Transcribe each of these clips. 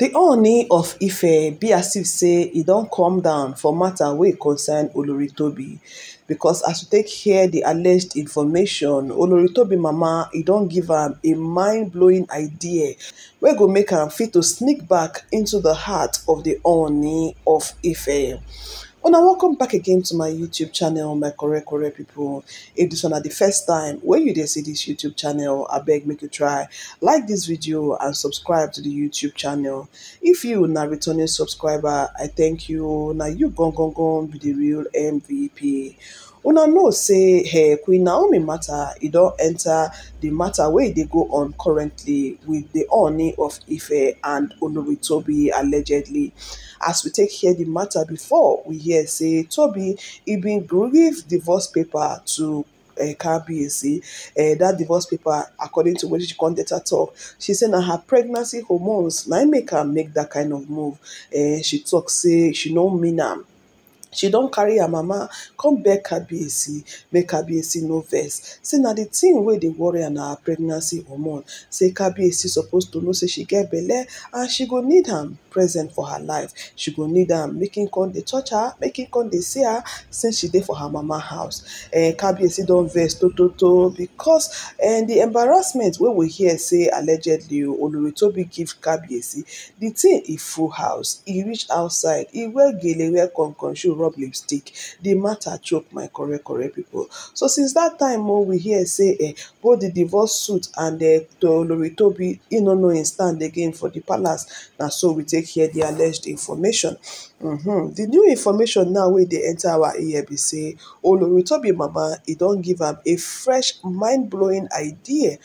di ooni of ife be as if say e don come down for matter wey concern oloritobi because as you take hear di alleged information oloritobi mama e don give am a mind blowing idea wey go make am fit to sneak back into the heart of di ooni of ife una oh, welcome back again to my youtube channel my correct correct people. if this one na the first time wey you dey see this youtube channel I beg make you try like this video and subscribe to the youtube channel if you na returning subscriber i thank you Now you gongongon be the real mvp una know say hey, eh, queen naomi matter. e don enter the matter wey dey go on currently with the oni of ife and Tobi allegedly as we take hear the matter before we hear say tobi e bin give divorce paper to eh, kabiyesi eh, That divorce paper according to wetin she con later tok she say na her pregnancy hormones na make am make that kind of move she talk say she no mean am she don carry her mama come beg kabiyesi make kabiyesi no vex say na the thing wey dey worry her na her pregnancy hormone say kabiyesi suppose to know say she get belle and she go need am present for her life she go need am make im come dey touch her make im come dey see her since she dey for her mama house eh kabiyesi don vex tototo because eh the embarrassment wey we hear say allegedly oloritobi give kabiyesi the thing e full house e reach outside e wear gele wear konkonso rub lipstick the matter choke my correct correct people so since that time oh, we hear say eh, both the divorce suit and eh, olori tobi e no know him stand again for the palace Now, so we take here the alleged information mm-hmm. the new information now where they enter our ear be say olori tobi mama he don't give up a fresh mind-blowing idea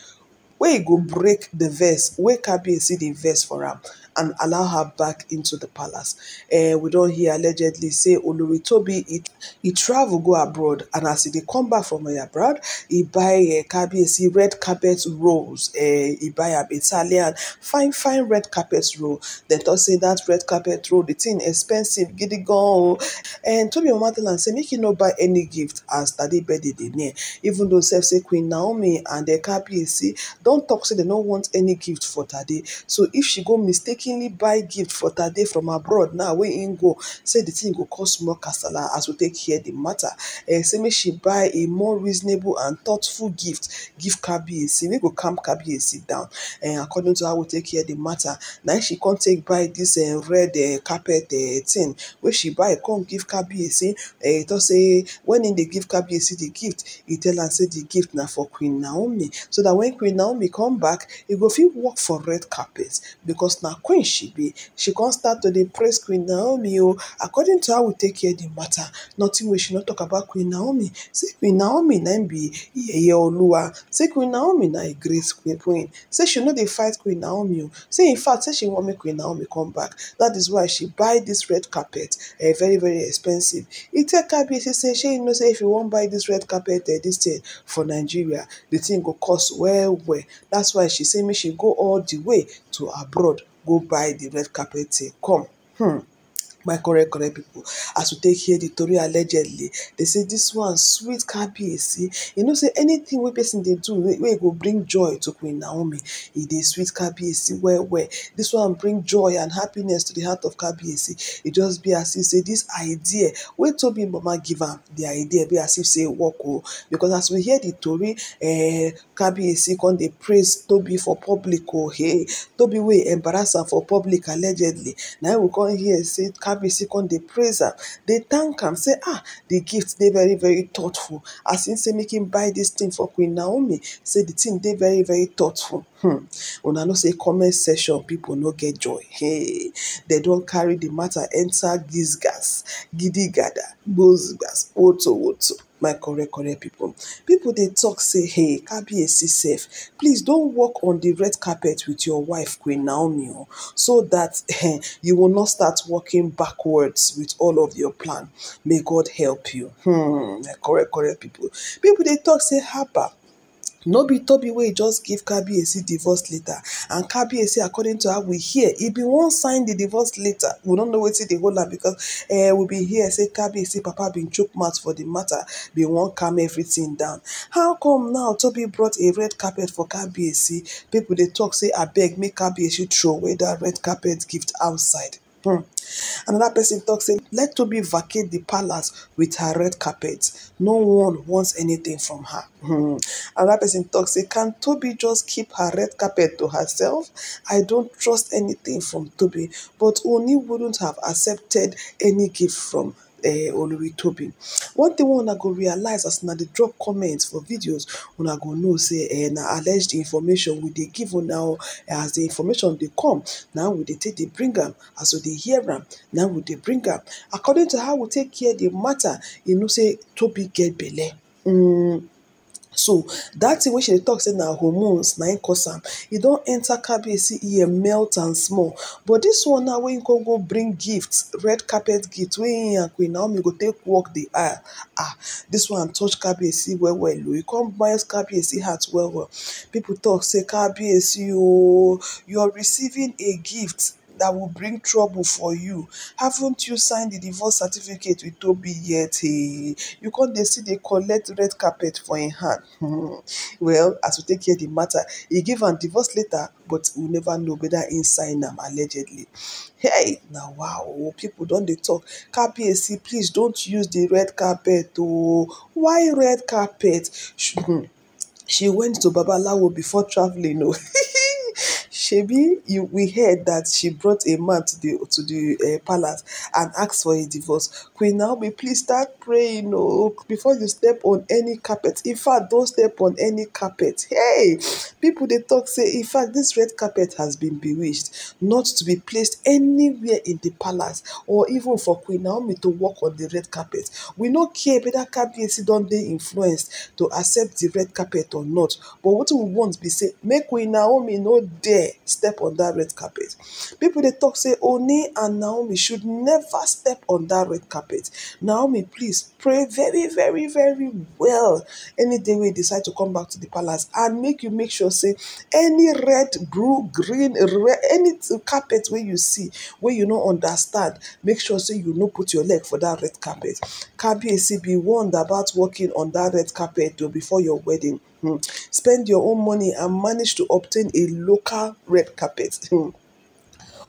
where he go break the verse wey see the verse for him? and allow her back into the palace. Uh, we don't hear allegedly say Olori Toby he, he travel go abroad and as he come back from abroad, he buy uh, eh, KBC red carpet rose. Uh, he buy a Italian fine fine red carpet rose. They not say that red carpet rose. the thing expensive giddy gone. And Toby motherland, say make you no buy any gift as Daddy Betty in near. Even though self say Queen Naomi and the eh, KBC don't talk say they don't want any gift for Daddy. So if she go mistake Kindly buy gift for tade from abroad now wey im go say the thing go cause more kasala as we take hear matter. mata eh, say make she buy a more reasonable and thoughtful gift give kabi kabiyesi wey go calm kabiyesi down eh, according to how we take hear the matter, na she come take buy dis eh, red carpet thing. wey she buy come give kabi kabiyesi e tok say wen im dey give kabiyesi the gift He tell am say the gift na for queen naomi so that when queen naomi come back he go fit work for red carpet because na Koishibe. She can't start to dey praise Queen Naomi. Oh, according to how we take care the matter, nothing we should not talk about Queen Naomi. Say Queen Naomi na be Yeye Oluwa. Say Queen Naomi na a great queen. Say she no dey fight Queen Naomi. Say in fact, say she want make Queen Naomi come back. That is why she buy this red carpet, uh, very very expensive. It e tell Kabiyesi say shey She know say if you wan buy this red carpet, uh, this thing for Nigeria, the thing go cost well well. That's why she say make she go all the way to abroad go buy di red carpet thing come. Hmm. my correct correct people, as we take hear the tori allegedly they say this one sweet kabiyesi you know say anything. wey person dey do wey go bring joy to queen naomi e dey sweet kabiyesi well well this one bring joy and happiness to the heart of kabiyesi e just be as if say this idea wey tobi mama give am the idea be as if say e work o oh. because as we hear the tori eh kabiyesi come dey praise tobi for public o oh, hey tobi wey embarrass am for public allegedly na we come hear say. harvest he second dey praise am dey thank am say ah di gift dey very very thoughtful as him say make im buy dis tin for queen naomi say di tin dey very very thoughtful hmm una know say comment section pipo no get joy hey dem don carry di matter enter gizgas gidigada gbozgas woto woto. my correct correct people people they talk say hey kabiyesi safe please not walk on the red carpet with your wife queen naomi oh, so that eh, you will not start walking backwards with all of your plan may god help you hmm my correct correct people people they talk say haba no be tobi wey just give kabe divorce letter and kabe according to how we hear e bin wan sign di divorce letter we no know wetin dey hold am becos eh, we bin hear say kabe papa bin chook mouth for di matter bin wan calm everything down how come now tobi brought a red carpet for kabe's see pipo dey tok say abeg make throw away dat red carpet gift outside. hmm anoda pesin tok say let tobi vacate di palace wit her red carpet no one wants anytin from her hmm. anoda pesin tok say can tobi just keep her red carpet to herself i don trust anytin from tobi but oni wouldnt have accepted any gift from. Eh, olori tobi one thing wey una go realize as una dey drop comment for videos una go know say eh, na alleged information we dey give una o as the information dey come na we dey take dey bring am as we dey hear am na we dey bring am according to how we take hear the matter you e know say tobi get belle um so dat thing wey she dey talk say na hormones na im cause am e don enter kabiyesi ear um melt am small but dis one now wey im come go bring gift red carpet gift wey im and queen naomi go take walk the aisle ah dis one touch kabiyesi well well o oh. e come bias kabiyesi heart well well people talk say kabiyesi ooo oh, you are receiving a gift that will bring trouble for you haven't you signed the divorce certificate with Toby yet hey eh, you can't dey still collect red carpet for im hand hmm. well as we take hear the matter he give am divorce letter, but we never know weda im sign am allegedly hey now wow o pipo don dey tok kabiyesi please don't use the red carpet Oh, why red carpet hmm. she went to babalawo before traveling. o oh. shebi you, we heard that she brought a man to the to the uh, palace and asked for a divorce. Queen Naomi, please start praying oh, before you step on any carpet. In fact, don't step on any carpet. Hey, people they talk say, in fact, this red carpet has been bewitched, not to be placed anywhere in the palace or even for Queen Naomi to walk on the red carpet. We no care whether KBC don't they influenced to accept the red carpet or not. But what we want be say, make Queen Naomi no dare step on that red carpet. People they talk say Oni and Naomi should never step on that red carpet. Naomi, please pray very, very, very well any day we decide to come back to the palace and make you make sure say any red, blue, green, red, any carpet where you see where you don't understand, make sure say you no put your leg for that red carpet. Can be a warned about walking on that red carpet though before your wedding. Hmm. spend your own money and manage to obtain a local red carpet hmm.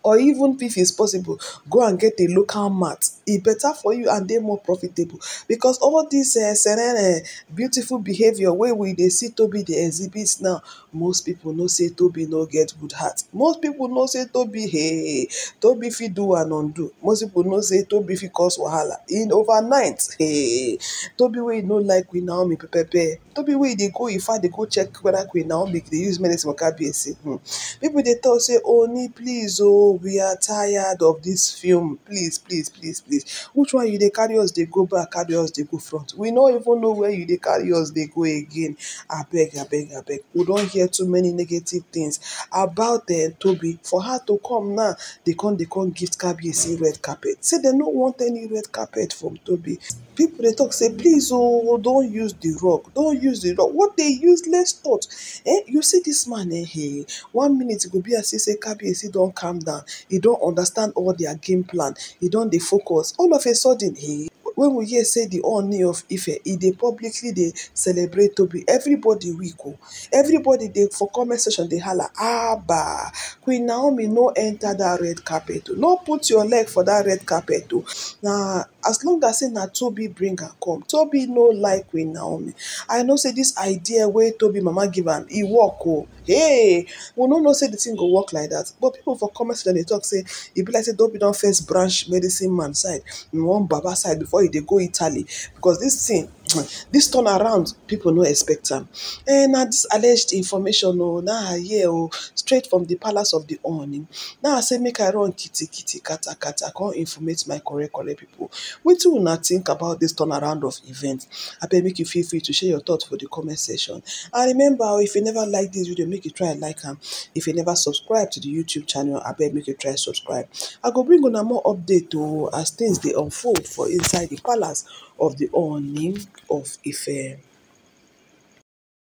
or even if it's possible go and get a local mat It e better for you and they more profitable because all this uh, eh, serene eh, beautiful behavior wey we they see Toby the exhibits now most people know say Toby no get good heart most people know say Toby hey Toby fit do and undo most people know say Toby fit cause wahala in overnight hey Toby wey no like queen naomi pepepe Toby wey they go if I they go check whether queen naomi they use medicine waka KBC. hmm. people they talk say oni please Oh, we are uh, tired of this film please please please please which one you They carry us They go back carry us They go front we don't even know where you They carry us They go again I I beg, beg, I beg. we don't hear too many negative things about eh, toby for her to come now dey come dey come gift see red carpet say do no want any red carpet from toby People they talk say please oh, oh, don't use the rug Don't use the rug what they Let's thought eh you see this man eh one minute go be as if say don't calm down He don understand all their game plan He don dey focus all of a sudden he when we hear say di Ooni of Ife e dey publicly dey celebrate Tobi everybody weak o oh. everybody dey for comment section dey hala haba Queen Naomi no enter that red carpet o oh. no put your leg for that red carpet o oh. na as long as say na Toby bring her come Toby no like queen naomi i know say this idea wey Toby mama give am e work o hey we no know say the thing go work like that. but people for comment section dey talk say e be like say tobi don first branch medicine man side in one baba side before e dey go italy because this thing This turn around pipo no expect am eh na this alleged information o na i hear o straight from the palace of the Ooni na i say make i run kata. katakata come informate my correct correct pipo wetin una think about this turn around of event abeg make you feel free to share your thoughts for the comment section and remember oh, if you never like this video make you try like am if you never subscribe to the youtube channel abeg make you try subscribe i go bring una more update o oh, as things dey unfold for inside the palace of di Ooni. of Ife.